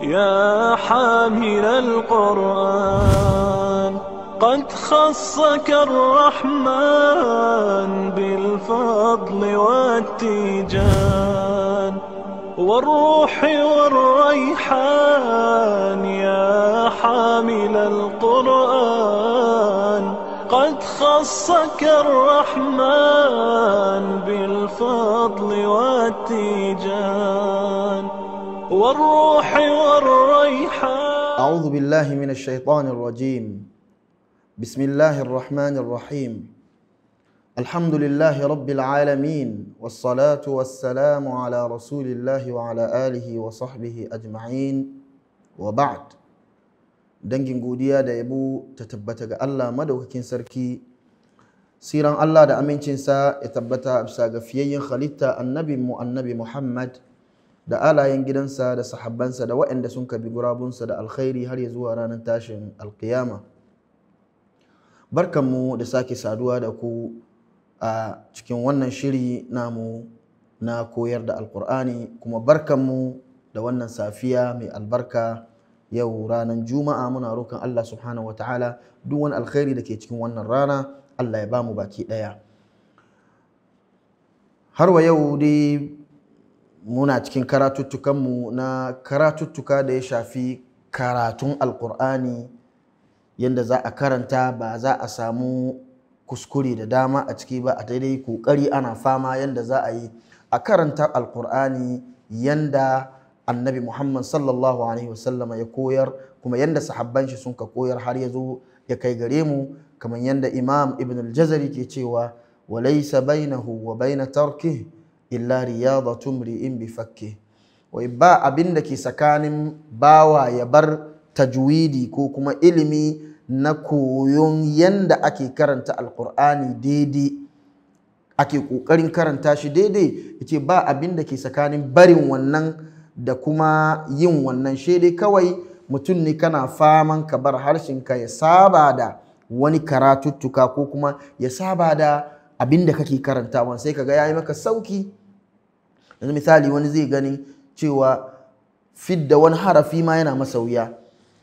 يا حامل القرآن قد خصك الرحمن بالفضل والتيجان والروح والريحان يا حامل القرآن قد خصك الرحمن بالفضل والتيجان والروح والريحان أعوذ بالله من الشيطان الرجيم بسم الله الرحمن الرحيم الحمد لله رب العالمين والصلاة والسلام على رسول الله وعلى آله وصحبه أجمعين وبعد dangin godiya da yabo ta tabbata ga Allah madaukakin sarki siran Allah da amincinsa ya tabbata bisa ga fiyayyen da alayen gidansa da sahabbansa da waɗanda sun kabi gurabunsa da alkhairi har ya zuwa ranar tashin alkiyama barkanmu da sake saduwa da ku a cikin wannan shiri namu na koyar da alkur'ani kuma barkanmu da wannan safiya mai albarka yau ranar juma'a muna roƙon allah subhanahu wa ta'ala duk wani alkhairi da ke cikin wannan rana allah ya bamu baki ɗaya har wa yau dai muna cikin karatuttukanmu na karatuttuka da ya shafi karatun alkur'ani yadda za a karanta ba za a samu kuskure da dama a ciki ba a daidai kokari ana fama yadda za a yi a karanta alkur'ani yadda annabi muhammad sallallahu alaihi wasallama ya koyar kuma yadda sahabban shi sun ka koyar har ya zo ya kai gare mu kamar yadda imam ibn al-jazari ke cewa walaysa bainahu wa baina tarkihi illa tumri in bi fakke wai ba abin da ke tsakanin bawa ya bar tajwidi ko kuma ilimi na koyon yanda ake karanta alkur'ani daidai ake kokarin karanta shi daidai yace ba abin da ke tsakanin barin wannan da kuma yin wannan shede kawai mutum ne kana faman ka bar harshen ka ya saba da wani karatuttuka ko kuma ya saba da abin da kake karantawa sai ya yi maka sauki yanzu misali wani zai gani cewa da wani harafi ma yana masa wuya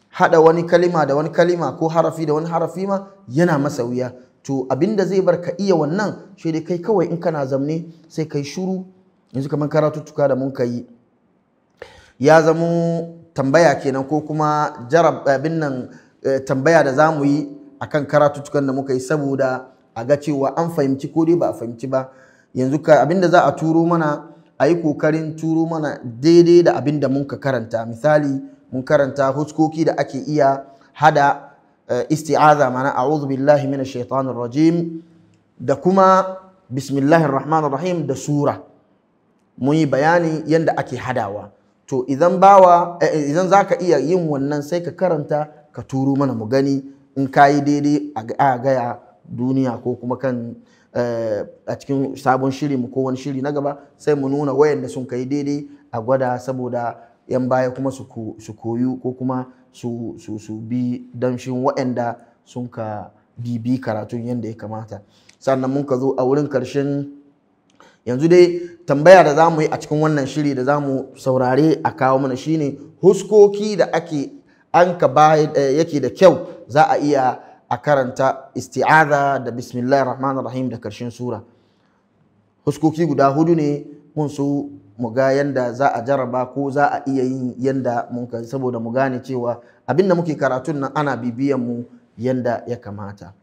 hada wani kalima da wani kalima ko harafi da wani harafi ma yana masa wuya to abinda zai bar ka iya wannan shi dai kai kawai in kana zamne sai kai shuru yanzu kamar karatuttuka da mun kai ya zamo tambaya kenan ko kuma jarab abin nan eh, tambaya da zamu yi akan karatuttukan da muka yi saboda a ga cewa an fahimci ko dai ba a fahimci ba yanzu ka abinda za a turo mana a yi kokarin turo mana daidai da abin da mun ka karanta misali mun karanta huskoki da ake iya hada eh, isti'aza mana a'udhu billahi minash shaitanir rajim da kuma bismillahir rahmanir rahim da sura mun yi bayani yadda ake hadawa to idan bawa eh, idan zaka iya yin wannan sai ka karanta ka turo mana mu gani in kayi daidai a gaya duniya ko kuma kan eh, a cikin sabon shiri mu ko wani shiri na gaba sai mu nuna wayanda sun kai daidai a gwada saboda yan baya kuma su koyu ko kuma su bi damshin wayanda sun ka bibi karatun yadda ya kamata sannan mun ka zo a wurin karshen yanzu dai tambaya da za mu yi a cikin wannan shiri da za mu saurare a kawo mana shine huskoki da ake an ka eh, yake da kyau za a iya a karanta isti'aza da bismillahir rahman rahim da karshen sura huskoki guda hudu ne mun so mu ga yanda za a jaraba ko za a iya yin yanda mun ka saboda mu gane cewa abin da muke karatun nan ana bibiyan mu yanda ya kamata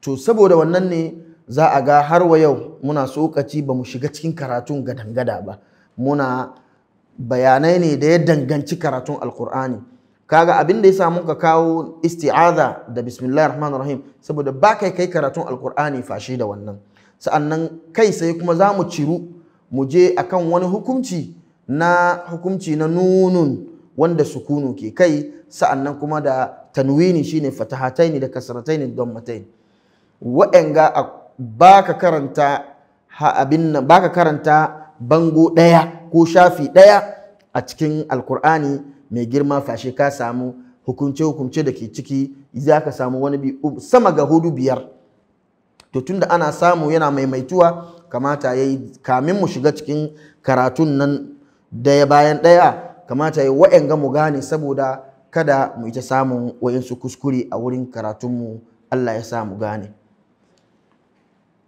to saboda wannan ne za a ga har wa yau muna tsokaci ba mu shiga cikin karatun gadangada ba muna bayanai ne da ya danganci karatun alkur'ani kaga abin da ya samu ka kawo isti'aza da bismillahir rahmanir rahim saboda ba kai kai karatun alkur'ani fashi da wannan sa'annan kai sai kuma za mu ciru mu je akan wani hukunci na hukunci na nunun wanda sukunu ke kai sa'annan kuma da tanwini shine fatahataini da kasrataini da dammatain wa'anga baka karanta abin nan baka karanta bango daya ko shafi daya a cikin alkur'ani mai girma fashe ka samu hukunce hukunce da ke ciki za ka samu wani bi sama ga hudu biyar to tun da ana samu yana maimaituwa kamata ya yi kamin mu shiga cikin karatun nan daya bayan daya kamata ya yi wa'yan mu gane saboda kada mu ita samun wa'yansu kuskure a wurin karatunmu Allah ya sa mu gane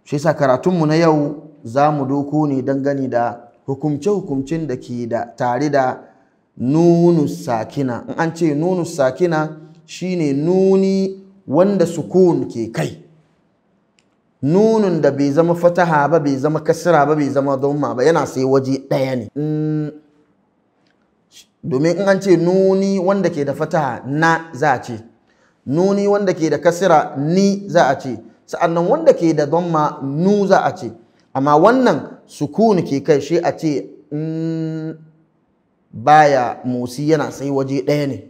shi karatunmu na yau za mu doko ne dangane da hukumce-hukumcin da ke da tare da nunu sakina in an ce nunu sakina shine nuni wanda sukun ke kai nunun da bai zama fataha ba bai zama kasira ba bai zama dhamma ba yana sai waje ɗaya ne domin in an ce nuni wanda ke da fataha na za a ce nuni wanda ke da kasira ni za a ce sa'annan wanda ke da dhamma nu za a ce amma wannan sukun ke kai shi a ce mm, baya motsi yana sai waje ɗaya ne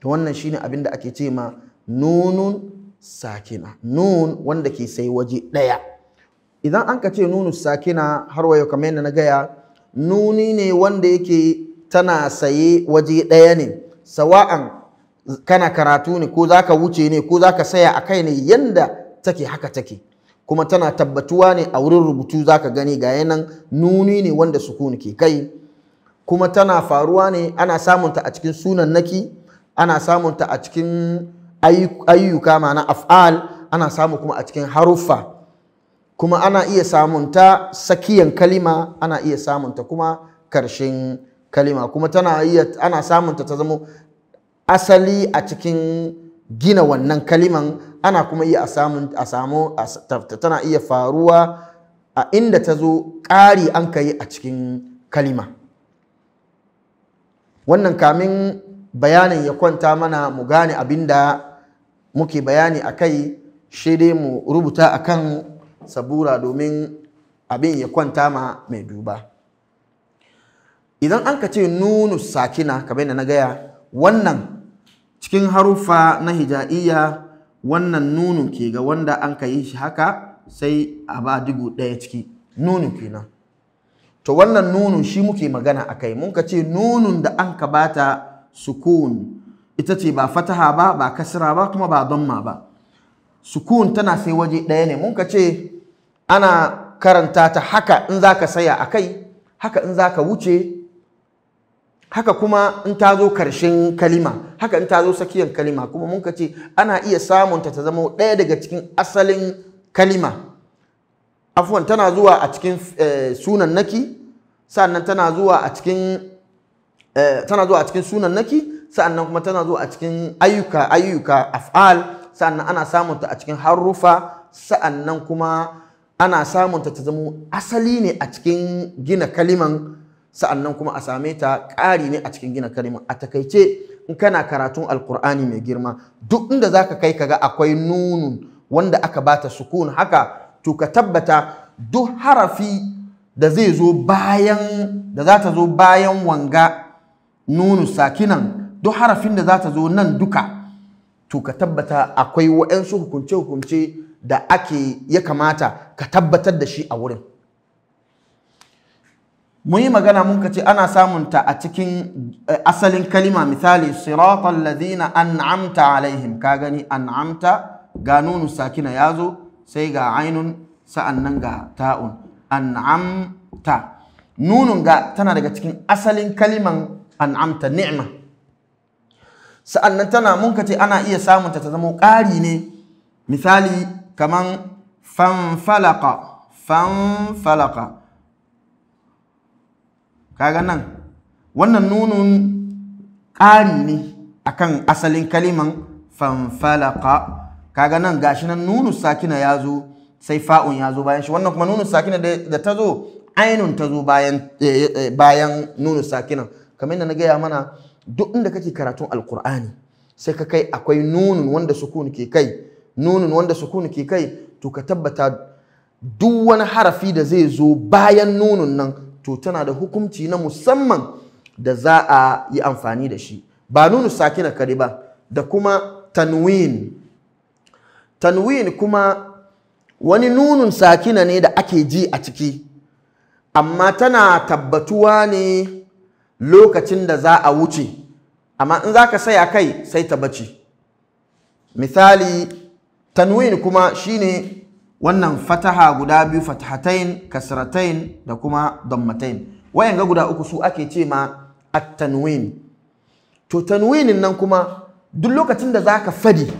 to wannan shine abin da ake ce ma nunun sakina nun wanda ke sai waje ɗaya idan an ka ce nunu sakina har wayo kamar yadda na gaya nuni ne wanda yake tana saye waje ɗaya ne sawa'an kana karatu ne ko zaka wuce ne ko zaka saya a kai ne yanda take haka take kuma tana tabbatuwa ne a wurin rubutu zaka gani ga yanan nuni ne wanda sukuni ke kai kuma tana faruwa ne ana samunta a cikin sunan naki ana samunta a cikin ayyuka mana af'al ana samu kuma a cikin haruffa kuma ana iya samunta sakiyan kalima ana iya samunta kuma karshen kalima kuma tana iya ana samunta ta zama asali a cikin gina wannan kaliman ana kuma iya a samu tana iya faruwa a inda ta zo ƙari an ka a cikin kalima wannan kamin bayanin ya kwanta mana mu gane abin da muke bayani a kai shi dai mu rubuta a kan sabura domin abin ya kwanta ma mai duba idan an ka ce nunu sakina kamar da na gaya wannan cikin haruffa na hija'iyya wannan nunu ke ga wanda an ka yi shi haka sai a ba digo ɗaya ciki nunun kenan to wannan nunun shi muke magana a kai mun ka ce nunun da an ka bata sukun ita ce ba fataha ba ba kasra ba kuma ba damma ba sukun tana sai waje ɗaya ne mun ka ce ana karanta ta haka in za ka saya a kai haka in za ka wuce haka kuma in ta zo karshen kalima haka in ta zo tsakiyar kalima kuma mun ka ce ana iya samunta ta zama ɗaya daga cikin asalin kalima afuwan tana zuwa a cikin eh, sunan naki sa'annan tana zuwa a cikin eh, tana zuwa a cikin sunan naki sa'annan kuma tana zuwa a cikin ayyuka ayyuka af'al sa'annan ana samunta a cikin harufa sa'annan kuma ana samunta ta zama asali ne a cikin gina kaliman sa'annan kuma a same ta ƙari ne a cikin gina kaliman a takaice in kana karatun alkur'ani mai girma duk inda ka kai ka ga akwai nunun wanda aka bata sukun haka to ka tabbata duk harafi da zai zo bayan da za ta zo bayan wanga nunu sakinan duk harafin da za ta zo nan duka to ka tabbata akwai waɗansu hukunce-hukunce da ake ya kamata ka tabbatar da shi a wurin mun magana mun ce ana samunta a cikin eh, asalin kalima misali siratal ladina an'amta alaihim ka gani an'amta ga nunu sakina ya zo sai ga ainun nan ga ta'un an'amta nunun ga tana daga cikin asalin kaliman an'amta ni'ma nan tana munkace ana iya samun ta zama ƙari ne misali kaman fanfalaka fanfalaka kaga nan wannan nunun ƙari ne akan asalin kaliman fanfalaka kaga nan gashi nan nunu sakina ya zo sai fa'un ya zo bayan shi wannan kuma nunu sakina da ta zo ainun ta zo bayan eh, eh, eh, bayan nunu sakina kamar yadda na gaya mana duk inda kake karatun alkur'ani sai ka kai akwai nunun wanda sukun ke kai nunun wanda sukun ke kai to ka tabbata duk wani harafi da zai zo bayan nunun nan to tana da hukunci na musamman da za a yi amfani da shi ba nunu sakina kare ba da kuma tanwin tanwin kuma wani nunun sakina ne da ake ji a ciki amma tana tabbatuwa ne lokacin da za a wuce amma in za ka saya kai sai ta bace misali tanwin kuma shine wannan fataha guda biyu fatahatain kasratain da kuma dammatain wayan ga guda uku su ake ce ma a tanwin to tanwinin nan kuma duk lokacin da za ka fadi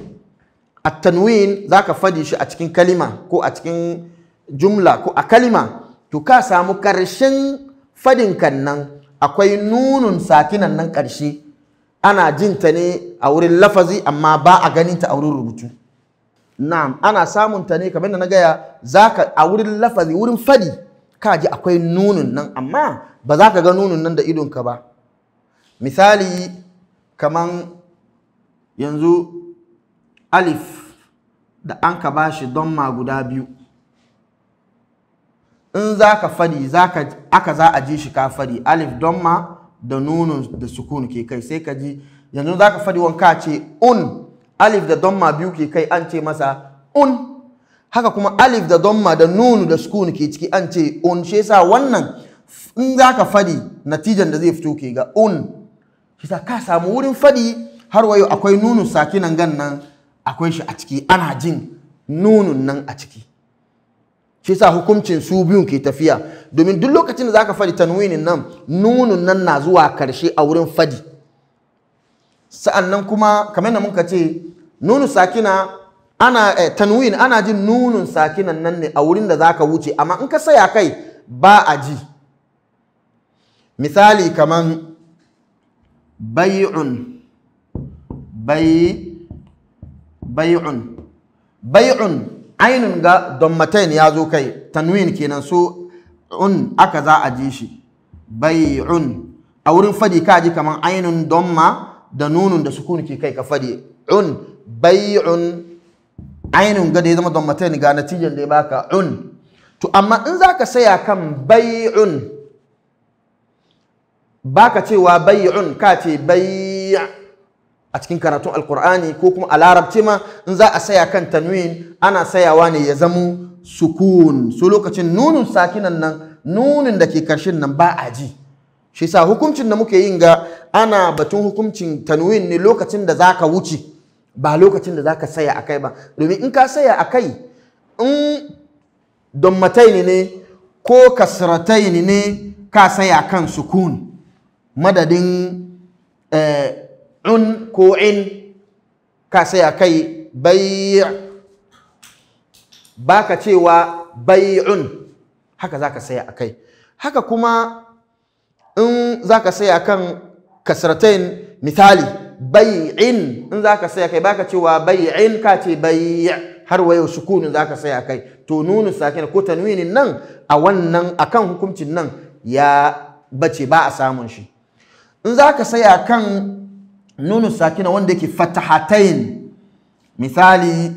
a tanwin ka fadi shi a cikin kalima ko a cikin jumla ko a kalima to ka samu karshen fadin kan nan akwai nunun sakinan nan karshe ana jin ta ne a wurin lafazi amma ba a ganin ta a wurin rubutu na'am ana samun ta ne kamar da na gaya zaka a wurin lafazi wurin fadi ka ji akwai nunun nan amma ba za ka ga nunun nan da idonka ba misali kaman yanzu alif da an ka ba shi don ma guda biyu in za ka fadi aka za a ji shi ka fadi alif don ma da nunun da sukun ke kai sai ka ji yanzu za ka fadi wanka ce un alif da don ma biyu ke kai an ce masa un haka kuma alif da don ma da nunu da sukun ke ciki an ce un shi yasa wannan in za ka fadi natijan da zai fito ke ga un shi ka samu wurin fadi har wayo akwai nunu sakinan gan nan akwai shi a ciki ana jin nunun nan a ciki shi sa hukuncin su biyun ke tafiya domin duk lokacin da zaka fadi tanwinin nan nunun nan na zuwa karshe a wurin fadi nan kuma kamar da muka ce nunu sakina ana eh, tanwin ana jin nunun sakinan nan ne a wurin da za ka wuce amma in ka saya kai ba a ji misali kaman bai'un bai bay'un bay'un ainun ga dommatain ya zo kai tanwin kenan so un aka za a ji shi bay'un a wurin fadi ka ji kaman ainun domma da nunun da sukun ke kai ka fadi un bay'un ainun ga da ya zama dommatain ga natijan da ya baka un to amma in za ka saya kan ba baka cewa bay'un ka ce bay'un a cikin karatun alkur'ani ko kuma a larabci ma in za a saya kan tanwin ana sayawa ne ya zamo sukun su lokacin nunin sakinan nan nunin da ke karshen nan ba a ji shi sa hukuncin da muke yin ga ana batun hukuncin tanwin ne lokacin da za ka wuce ba lokacin da za ka saya akai ba domin in ka saya a kai, in dommataini ne ko kasratai ne ka saya kan sukun madadin eh, un ko in ka saya kai bai ba ka cewa haka za ka saya a kai haka kuma in za ka saya kan kasratain misali bai in za ka saya kai ba ka cewa in ka ce bai har wayo sukunin za ka saya kai to nunu sakin ko tanwinin nan a wannan kan hukuncin nan ya bace ba a samun shi in za ka saya kan nunu sakina wanda yake fatahatain misali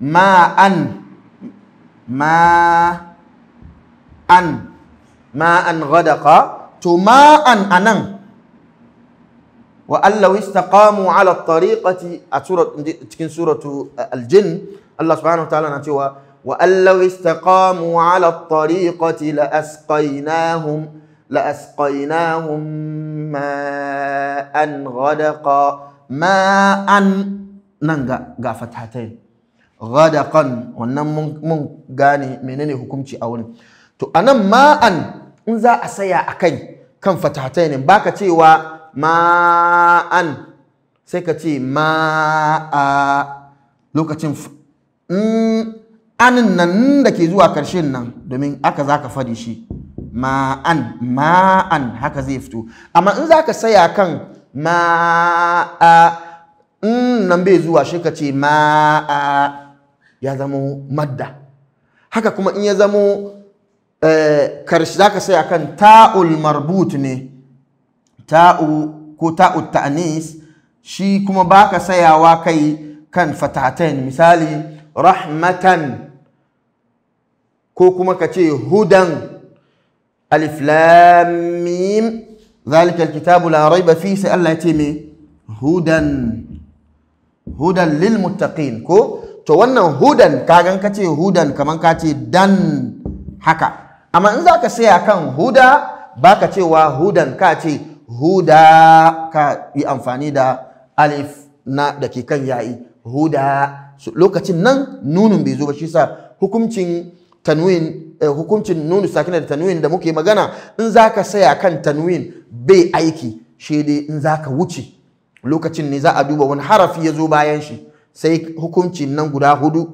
ma an ma an ma an ghadaqa to ma an anan wa allaw istaqamu ala tariqati a cikin suratu eh, aljin Allah subhanahu wa ta'ala na cewa wa allaw istaqamu ala tariqati la asqaynahum لأسقيناهم ماء غدقا ماء ننغا غافتاتين غدقا wannan mun gane menene hukunci a wurin to anan ma'an in za a saya a kai kan fatatainin baka cewa ma'an sai ka ce ma'a lokacin anin nan da ke zuwa karshen nan domin aka za ka fadi shi ma'an ma'an haka zai fito amma in za ka saya kan ma'a in nan bai zuwa shi ka ce ma'a ya zamo madda haka kuma in ya zamo eh, karshe ka saya kan ta'ul marbut ne ta'u ko ta'u ta'anis, shi kuma ba baka sayawa kai kan fatatain misali rahmatan ko kuma ka ce hudan alif lam mim zalika alkitabu la raiba fi sai Allah ya ce me hudan hudan lil muttaqin ko to wannan hudan kagan ka ce hudan kaman ka ce dan haka amma in zaka saya kan huda baka cewa hudan ka ce huda ka yi amfani da alif na da ke kan yayi huda lokacin nan nunun bai zo ba shi sa hukuncin tanwin Eh, hukuncin nunu sakina da tanwin da muke magana in za ka saya kan tanwin bai aiki shi dai in za ka wuce lokacin ne za a duba wani harafi ya zo bayan shi sai hukuncin nan guda hudu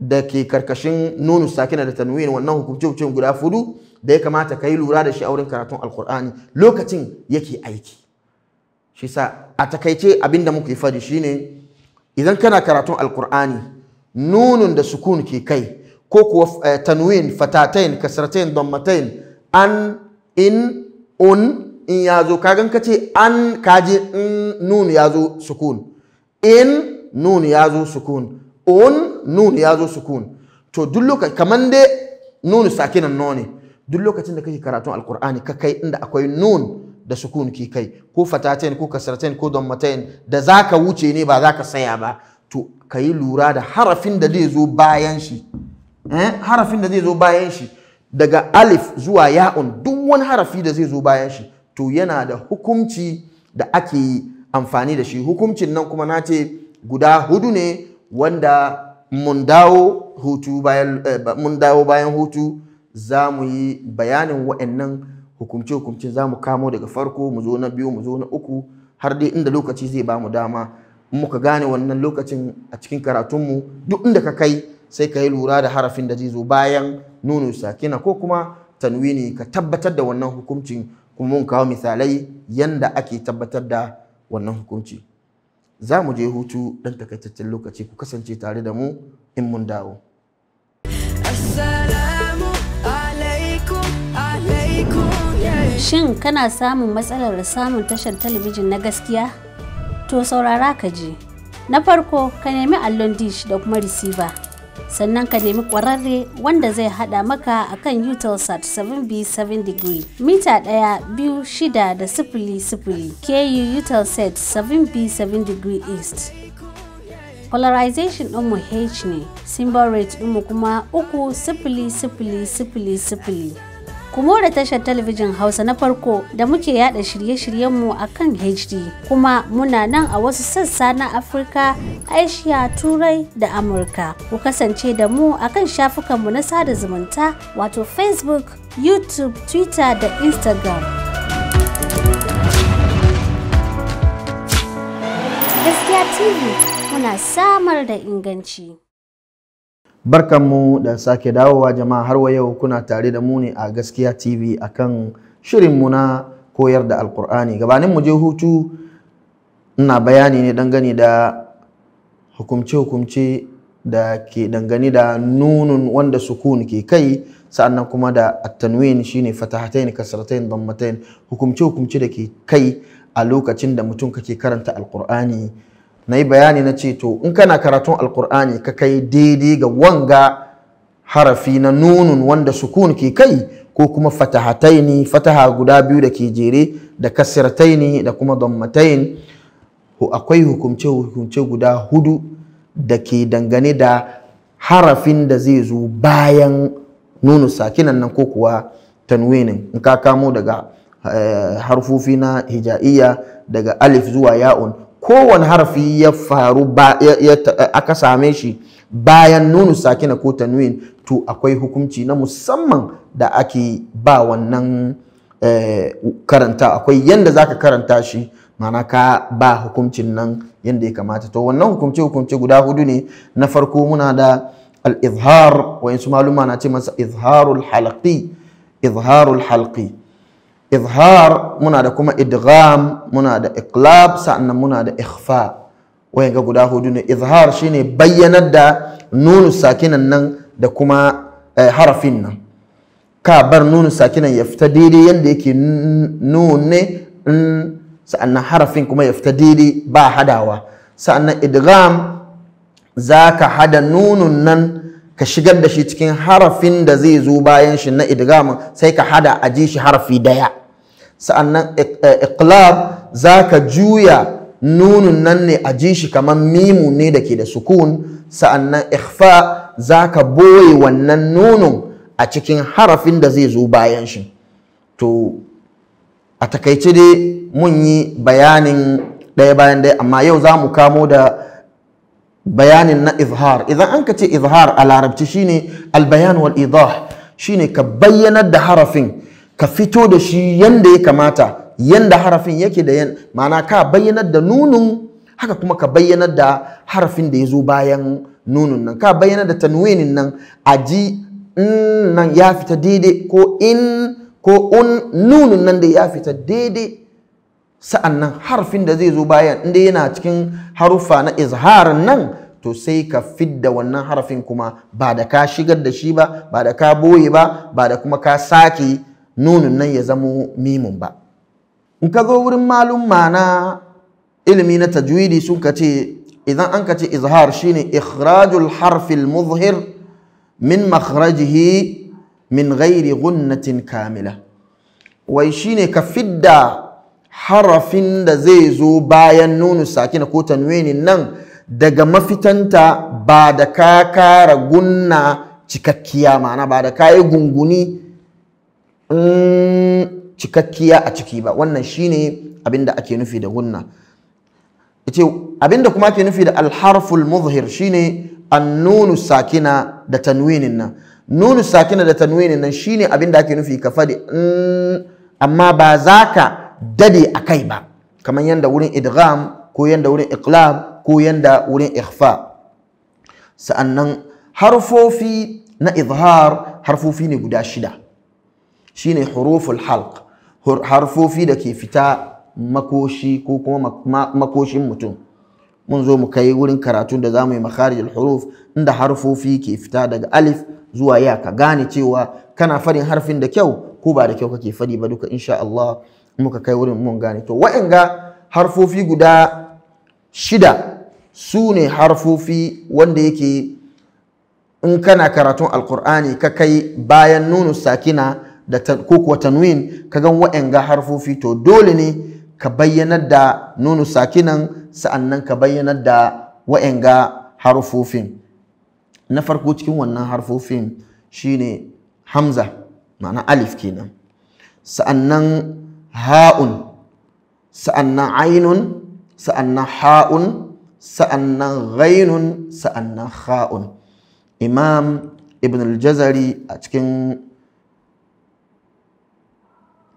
da ke karkashin nunu sakina da tanwin wannan hukuncin guda hudu da ya kamata ka yi lura da shi a wurin karatun alkur'ani lokacin yake aiki shi sa a takaice abinda muka yi fadi shine idan kana karatun alkur'ani nunun da sukun ke kai ko kuwa eh, tanwin fatatain kasratain dammatain an in un in ya zo kagan ka ce an kaji in nun ya zo sukun in nun ya zo sukun un nun ya zo sukun to duk lokacin kamar dai nun sakinan no duk lokacin da kake karatun alkur'ani ka kai inda akwai nun da sukun ki kai ko fatatain ko kasratain ko dammatain da zaka wuce ne ba zaka saya ba to kayi lura da harafin da zai zo bayan shi Eh? harafin da zai zo bayan shi daga alif zuwa ya'un duk wani harafi da zai zo bayan shi to yana da hukumci da ake amfani da shi hukumcin nan kuma na ce guda hudu ne wanda mun dawo eh, bayan hutu za mu yi bayanin wa'annan hukumce-hukumce za mu kamo daga farko mu zo na biyu mu zo na uku har dai inda lokaci zai ba mu dama muka gane wannan lokacin a cikin karatunmu duk inda ka kai sai ka yi lura da harafin da zai zo bayan nuna sakina ko kuma tanwini ka tabbatar da wannan hukuncin kuma mun kawo misalai yanda ake tabbatar da wannan hukunci za mu je hutu dan takaitaccen lokaci ku kasance tare da mu in mun dawo Shin kana samun matsalar samun tashar talabijin na gaskiya? To saurara ka je. Na farko ka nemi allon dish da kuma receiver. sannan ka nemi ƙwararre wanda zai hada maka a akan utelsat 7b7 degree mita ɗaya biyu shida da sifili sifili ku utelsat 7b7 degree east polarization ɗinmu h ne symbol rate ɗinmu kuma uku sifili sifili sifili sifili ku more tashar talabijin Hausa na farko da muke yada shirye-shiryenmu a kan HD kuma muna nan a wasu sassa na Afirka, Aishiya, Turai da Amurka. Ku kasance da mu a kan shafukanmu na sada zumunta wato Facebook, YouTube, Twitter da Instagram. Gaskiya TV muna samar da inganci. Barkanmu da sake dawowa jama'a har wa yau kuna tare da mu ne a Gaskiya TV akan shirin mu na koyar da Alkur'ani. Gabanin mu je hutu ina bayani ne dangane da hukumce-hukumce da ke dangane da nunun wanda sukun ke kai sa'annan kuma da at-tanwin shine fatahatain kasratain dammatain hukumce-hukumce da ke kai a lokacin da mutum kake karanta Alkur'ani. na yi bayani na ce to in kana karatun alkur'ani ka kai daidai ga wanga harafi na nunun wanda sukun ke kai ko kuma fatahataini fataha guda biyu da ke jere da ne da kuma dammatain akwai hukumce hukumce guda hudu da ke dangane da harafin da zai zo bayan nunu sakinan nan ko kuwa tanwinin in ka kamo daga eh, harfofi na hija'iyya daga alif zuwa ya'un kowane harfi ya faru aka same shi bayan nunu sakina ko tanwin to akwai hukunci na musamman da ake ba wannan eh, karanta akwai yanda zaka karanta shi mana ka ba hukuncin nan yanda ya kamata to wannan hukunci hukunci guda hudu ne na farko muna da al-izhar wa maluma na ce masa izharul halqi izharul halqi izhar muna da kuma idgham muna da iqlab sa'annan muna da ikhfa wayan ga guda hudu ne izhar shine bayyanar da nunu sakinan nan da kuma eh, harafin nan ka bar nunu sakinan ya fita daidai yadda yake nun ne sa'annan harafin kuma ya fita daidai ba hadawa sa'annan idgham zaka hada nunun nan ka shigar da shi cikin harafin da zai zo bayan shi na idgamin sai ka hada a ji shi harafi daya sa'annan eh, iqlab zaka juya nunun nan ne a ji shi kamar mimu ne da ke da sukun sa'annan ikhfa za ka boye wannan nunun a cikin harafin da zai zo bayan shi to a takaice dai mun yi bayanin ɗaya bayan ɗaya amma yau za mu kamo da bayanin na izhar idan an ka ce izhar a larabci shine albayan wal idah shine ka bayyanar da harafin ka fito da shi yanda ya kamata yanda harafin yake da yan ma'ana ka bayyanar da nunun haka kuma ka bayyanar da harafin da ya zo bayan nunun nan ka bayyanar da tanwinin nan a ji nan ya fita daidai ko in ko un nunun nan da ya fita daidai sa'an nan harafin da zai zo bayan inda yana cikin harufa na izharin nan to sai ka fidda wannan harafin kuma ba da ka shigar da shi ba ba da ka boye ba ba da kuma ka sake nunin nan ya zamo mimun ba in ka zo wurin malum na, ilimi na tajwidi sun ka ce idan an ka ce izhar shine ikhrajul harfil muzhir min makhrajihi min ghairi gunnatin kamila wai shine ka fidda harafin da zai zo bayan nunu sakina ko tanwinin nan daga mafitanta ba da ka kara gunna cikakkiya Mana ba da ka yi gunguni cikakkiya a ciki ba wannan shine abinda ake nufi da gunna ita abinda kuma ake nufi da alharful muzhir shine annunu sakina da tanwinin nan nunu sakina da tanwinin nan shine abinda ake nufi ka fadi amma ba za ka dade a kai ba kamar yanda wurin idgham ko yanda wurin iqlab ko yanda wurin ikhfa sa'annan harfofi na izhar harfofi ne guda shida shine huruful halq harfofi da ke fita makoshi ko kuma makoshin mutum mun zo mu kai wurin karatun da zamu yi makharijul huruf inda harfofi ke fita daga alif zuwa ya ka gane cewa kana farin harfin da kyau ko ba da kyau kake fadi ba duka insha Allah muka kai wurin mun gane to wa'anga harfofi guda shida su ne harfofi wanda yake in kana karatun alkur'ani ka kai bayan nunu sakina da ko kuwa tanwin ka gan ga harfofi to dole ne ka bayyanar da nunu sakinan sa'annan ka bayyanar da ga harfofin na farko cikin wannan harfofin shine hamza ma'ana alif kenan sa'annan ha'un sa'annan ainun sa'annan ha'un sa'annan ghainun sa'annan Ha'un. imam ibn al-jazari a cikin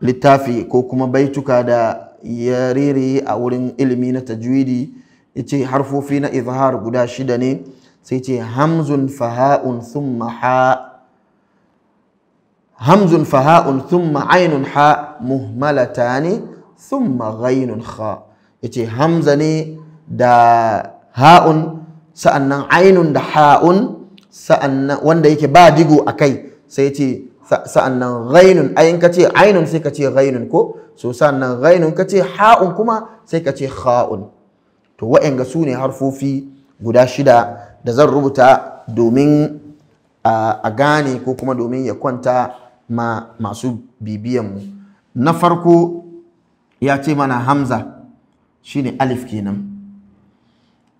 littafi ko kuma baituka da ya riri a wurin ilimi na tajwidi ya ce harfofi na izhar guda shida ne sai ce hamzun faha'un thumma ha hamzun ainun ha muhmalata ne thumma ghainun ha ya ce hamza ne da ha'un sa'annan ainun da ha'un wanda yake ba digo a kai sai ce Sa'an nan ghainun ayin ka ce ainun sai ka ce ghainun ko so nan ghainun ka ce ha'un kuma sai ka ce ha'un. to ga su ne harfofi guda shida da zan rubuta domin a gane ko kuma domin ya kwanta ma masu bibiyanmu na farko ya ce mana hamza shine alif kenan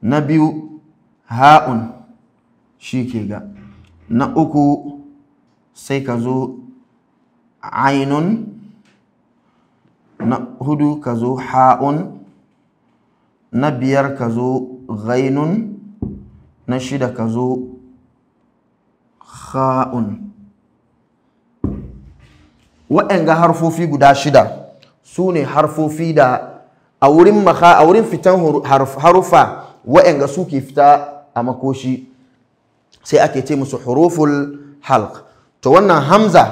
na biyu ha'un shi ke ga na uku sai ka zo ainun na hudu ka zo ha'un na biyar ka zo ghainun na shida ka zo kha'un waɗanga harfofi guda shida su ne harfofi da a wurin maka a wurin fitan harufa waɗanga su ke fita a makoshi sai ake ce musu huruful halk. to wannan hamza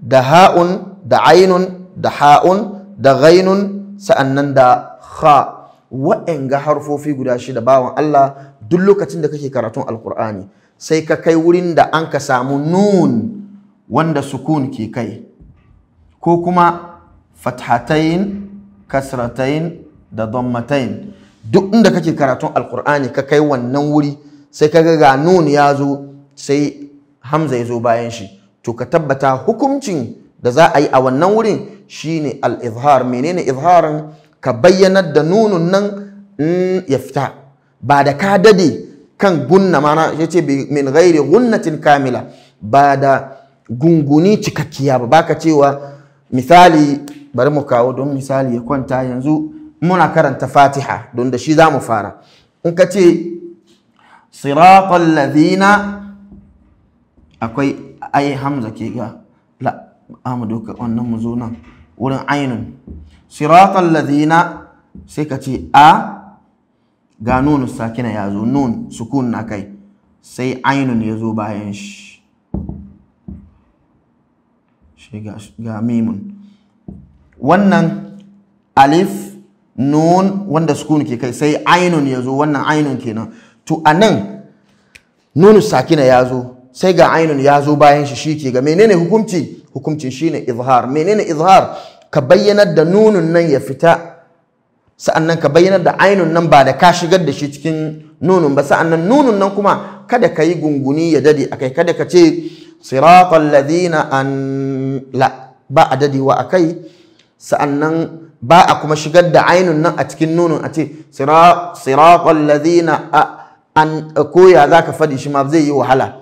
da ha'un da ainun da ha'un da ghainun sa'annan da kha ga harfofi guda shida bawan Allah duk lokacin da kake karatun alkur'ani sai ka kai wurin da an ka samu nun wanda sukun ke kai ko kuma fathatayin kasratayin da dommatayin. duk inda kake karatun alkur'ani ka kai wannan wuri sai ka ga nun ya zo sai Hamza ya zo bayan shi to ka tabbata hukuncin da za a yi a wannan wurin shine al-izhar menene izharin ka bayyanar da nunun nan ya fita ba da ka dade kan gunna mana ya ce min gairi gunnatin kamila ba da gunguni cikakkiya ba baka cewa misali bari mu kawo don misali ya kwanta yanzu muna karanta fatiha don da shi za mu fara in ka ce siratal ladina akwai ai hamza ke ga la amu doka wannan mu zo nan wurin ainun siratal ladina sai ka ce a ga nun sakina ya zo nun sukun na kai sai ainun ya zo bayan shi shi ga mimun wannan alif nun wanda sukun ke kai sai ainun ya zo wannan ainun kenan to anan nun sakina ya zo sai ga ainun ya zo bayan shi shi ke ga menene hukunci hukuncin shine izhar menene izhar ka bayyanar da nunun nan ya fita sa'annan ka bayyanar da ainun nan ba da ka shigar da shi cikin nunun ba sa'annan nunun nan kuma kada ka yi gunguni ya dade a kai. kada ka ce siratal ladina an la ba a dadewa sa'an sa'annan ba a kuma shigar da ainun nan a cikin nunun a ce siratal ladina an koya zaka fadi shi ma zai yi wahala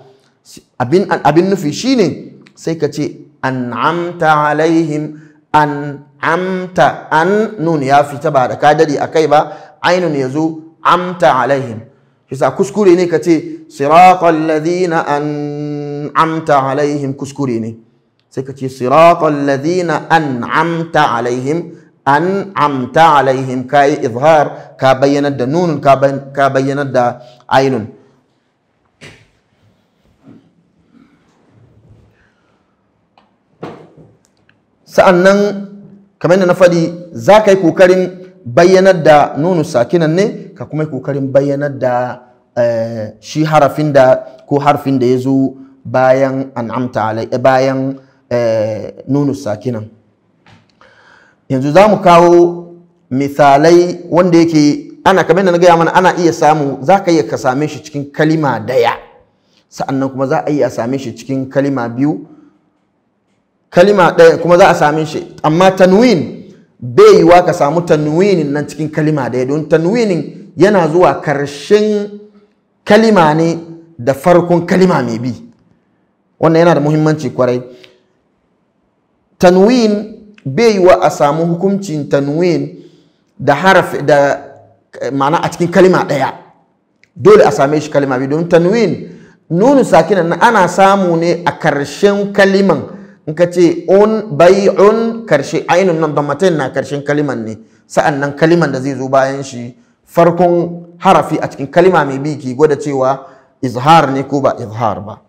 abin abin nufi shine sai ka ce an'amta alaihim an'amta an nun ya fita ba da ka dade kai ba ainun yazo amta alaihim yasa kuskure ne kace siratal ladina an'amta alaihim kuskure ne sai kace siratal ladina an'amta alaihim an'amta alaihim kai izhar ka bayyana da nun ka bayyana da ainun sa'annan kamar yadda na faɗi za ka yi kokarin bayyanar da nono sakinan ne ka kuma yi kokarin bayyanar da eh, shi harafin da ko harfin da ya zo bayan an'amta alai eh, bayan eh, nono sakinan yanzu za mu kawo misalai wanda yake ana kamar yadda na gaya mana ana iya samu za ka iya ka same shi cikin kalima daya sa'annan kuma za a iya same shi cikin kalima biyu kalima ɗaya kuma za a same shi amma tanwin bai yiwa ka samu tanwinin nan cikin kalima ɗaya don tanwinin yana zuwa karshen kalima ne da farkon kalima mai bi wannan yana da muhimmanci kwarai tanwin bai yiwa a samu hukuncin tanwin da harafi da ma'ana a cikin kalima ɗaya dole a same shi kalima biyu don tanwin nunu sakinan ana samu ne a karshen kaliman in ka ce un un karshe ainihin nan damatain na karshen kaliman ne sa'an nan kaliman da zai zo bayan shi farkon harafi a cikin kalima mai bi ki gwada cewa izhar ne ko ba izhar ba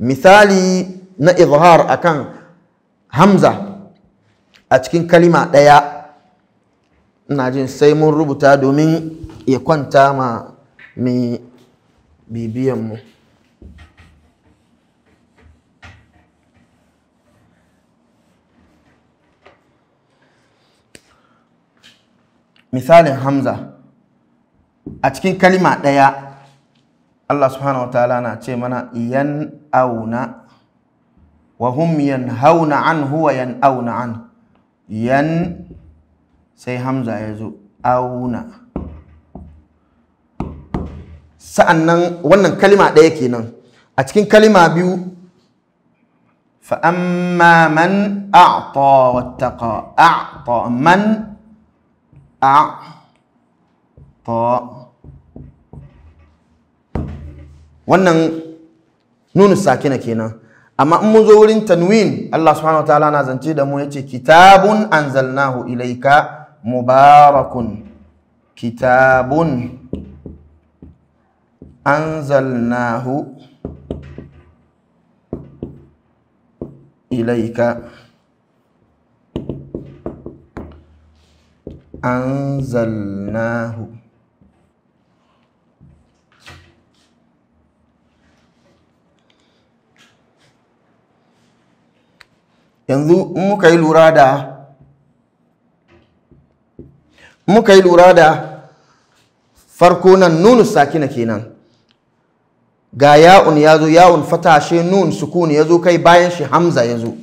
misali na izhar a kan hamza a cikin kalima ɗaya na jin sai mun rubuta domin ya kwanta ma mai bibiyanmu mu misalin hamza a cikin kalima ɗaya Allah subhanahu wa ta'ala na ce mana yan auna wa hum yan hauna an huwa yan auna an yan sai hamza ya zo auna sa'annan wannan kalima ɗaya kenan a cikin kalima biyu fa'amma man a'ta wattaqa a'ta man أع ta wannan nunu sakina kenan amma in mun zo wurin tanwin Allah subhanahu wa ta'ala na zance da mu yace kitabun anzalnahu ilaika mubarakun kitabun anzalnahu ilaika anzalnahu yanzu muka yi lura da muka yi lura da farko nan nunu sakina kenan ga ya'un ya zo ya'un fatashe nun sukun ya zo kai bayan shi hamza ya zo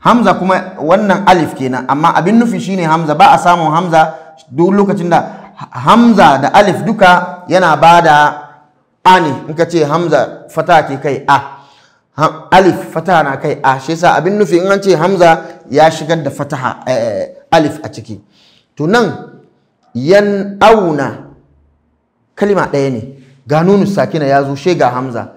hamza kuma wannan alif kenan amma abin nufi shine hamza ba a samun hamza duk lokacin da hamza da alif duka yana ba da a ne in ka ce hamza fata ke kai a alif fata na kai a shi yasa abin nufi in an ce hamza ya shigar da fataha eh, alif a ciki to nan yan auna kalima ɗaya ne ga nunu sakina ya zo Shega hamza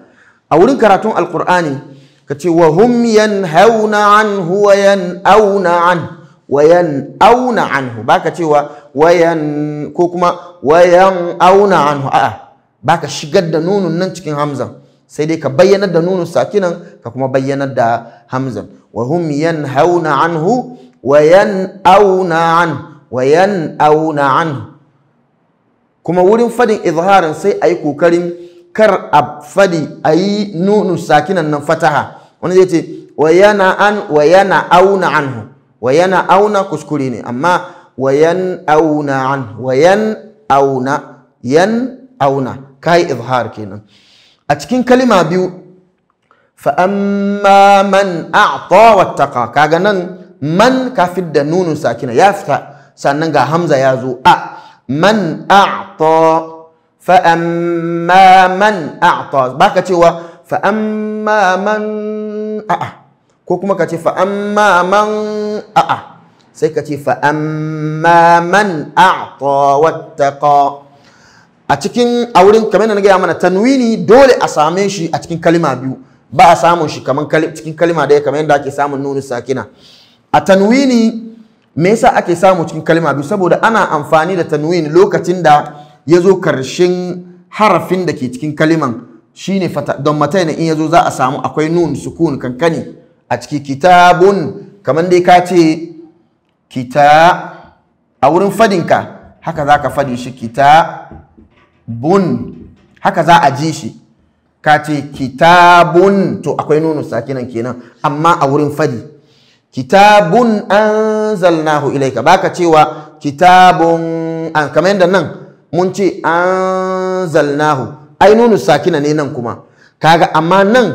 a wurin karatun alkur'ani ka ce wa hum yanhauna anhu wa yanauna an wa yanauna anhu baka cewa wayan ko kuma wayan auna anhu a'a baka shigar da nunun nan cikin hamzan sai dai ka bayyana da nunun sakinan ka kuma bayyanar da hamzan wa hum yanhauna anhu wa yanauna an wa yanauna an kuma wurin fadin izharin sai ayi kokarin kar a fadi a yi nunu sakinan nan fataha wani zai ce wa yana an wa yana auna anhu wa yana auna kuskure ne amma wa yan auna an wa yan auna yan auna kai izhar kenan a cikin kalima biyu fa amma man a'ta wattaqa kaga nan man ka da nunu sakina ya fita sannan ga hamza ya zo a man a'ta fa'amma man a'ta baka cewa fa'amma man a'a ko kuma ka ce fa'amma man a'a sai ka ce fa'amma man a'ta wattaqa a cikin a wurin kamar da na gaya mana tanwini dole a same shi a cikin kalima biyu ba a samun shi kamar cikin kalima daya kamar yadda ake samun nunu sakina a tanwini me yasa ake samun cikin kalima biyu saboda ana amfani da tanwini lokacin da ya zo karshen harafin da ke cikin kaliman shine fata don mataina in ya zo za a samu akwai nun sukun kankani a ciki kitabun kamar dai ka ce kita a wurin fadinka haka za ka fadi shi kita bun haka za a ji shi ka ce kitabun to akwai nunu sakinan kenan amma a wurin fadi kitabun anzalnahu ilaika baka cewa kitabun an kamar yadda nan mun ce anzalnahu ai nunu sakina ne nan kuma kaga amma nan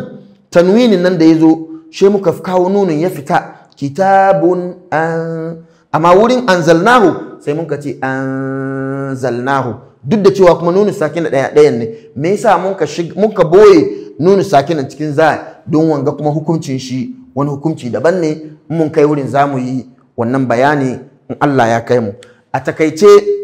tanwini nan da ya zo shi muka kawo nunun ya fita kitabun an amma wurin anzalnahu sai muka ce anzalnahu duk da cewa kuma nunu sakina ɗaya dayan ne me yasa muka muka boye nunu sakina cikin za don wanga kuma hukuncin shi wani hukunci daban ne mun kai wurin zamu yi wannan bayani in Allah ya kai mu a takaice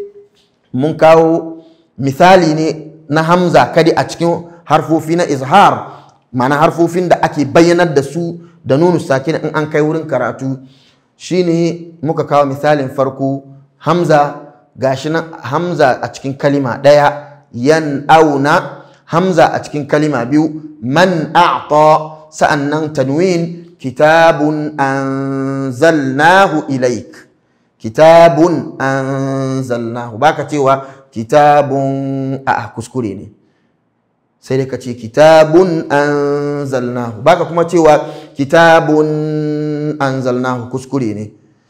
mun kawo misali ne na hamza kadi a cikin harfofi na izhar mana harfofin da ake bayyanar da su da nunu sakin in an kai wurin karatu shine muka kawo misalin farko hamza gashi na hamza a cikin kalima ɗaya yan auna hamza a cikin kalima biyu man a'ta sa'annan tanwin kitabun anzalnahu ilaik kitabun anzalnahu baka cewa kitabun a kuskure ne sai dai ka ce kitabun anzalnahu baka kuma cewa kitabun anzalnahu kuskure ne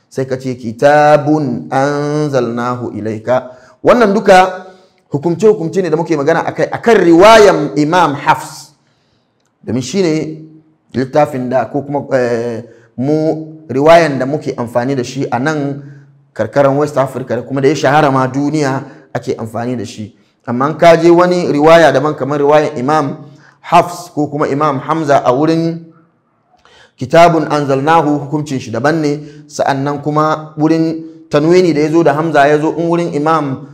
sai ka ce kitabun anzalnahu ilaika wannan duka hukumce hukumce ne da muke magana akai akan riwayan Imam Hafs domin ne littafin da ko kuma eh, mu riwayan da muke amfani da shi a nan karkaran west africa da kuma da ya shahara ma duniya ake amfani da shi amma ka je wani riwaya daban kamar riwayar imam hafs ko kuma imam hamza a wurin kitabun anzalnahu hukuncin shi daban ne sa'annan kuma wurin tanwini da ya zo da hamza ya zo in wurin imam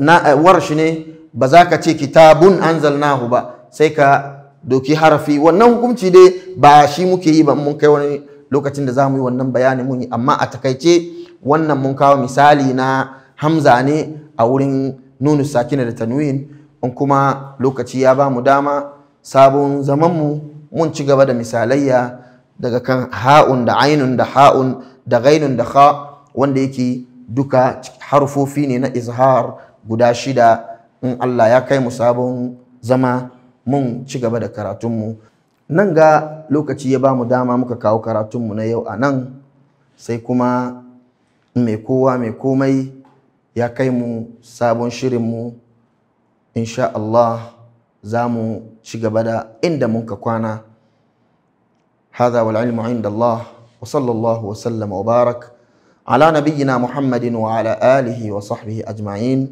na shi ne ba za ka ce kitabun anzalnahu ba sai ka doki harafi wannan hukunci dai ba shi muke yi ba mun kai wani lokacin da za mu yi wannan bayani mun yi amma a takaice wannan mun kawo misali na hamza ne a wurin nunu sakina da tanwin in kuma lokaci ya ba mu dama sabon zamanmu mun ci gaba da misalayya daga kan ha'un da ainun da ha'un da gainun da ha wanda yake duka harfofi ne na izhar guda shida in Allah ya kai mu sabon zama mun ci gaba da karatunmu nan ga lokaci ya ba mu dama muka kawo karatunmu na yau a nan sai kuma mai kowa mai komai ya kai mu sabon shirinmu insha Allah za mu ci gaba da inda muka kwana هذا والعلم عند الله وصلى الله وسلم وبارك على نبينا محمد وعلى آله وصحبه أجمعين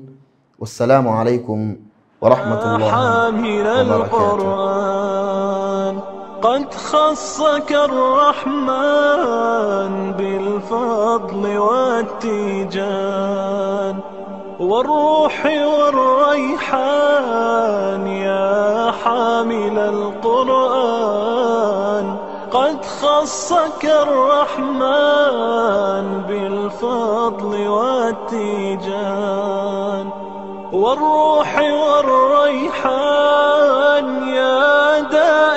والسلام عليكم ورحمة الله وبركاته قد خصك الرحمن بالفضل والتيجان والروح والريحان يا حامل القرآن قد خصك الرحمن بالفضل والتيجان والروح والريحان يا دائم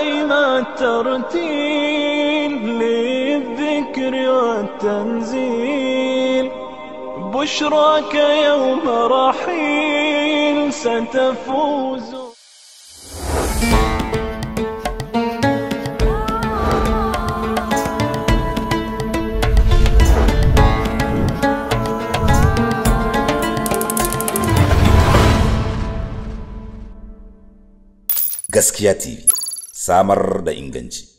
والترتيل للذكر والتنزيل بشراك يوم رحيل ستفوز Gaskia tv samar da inganci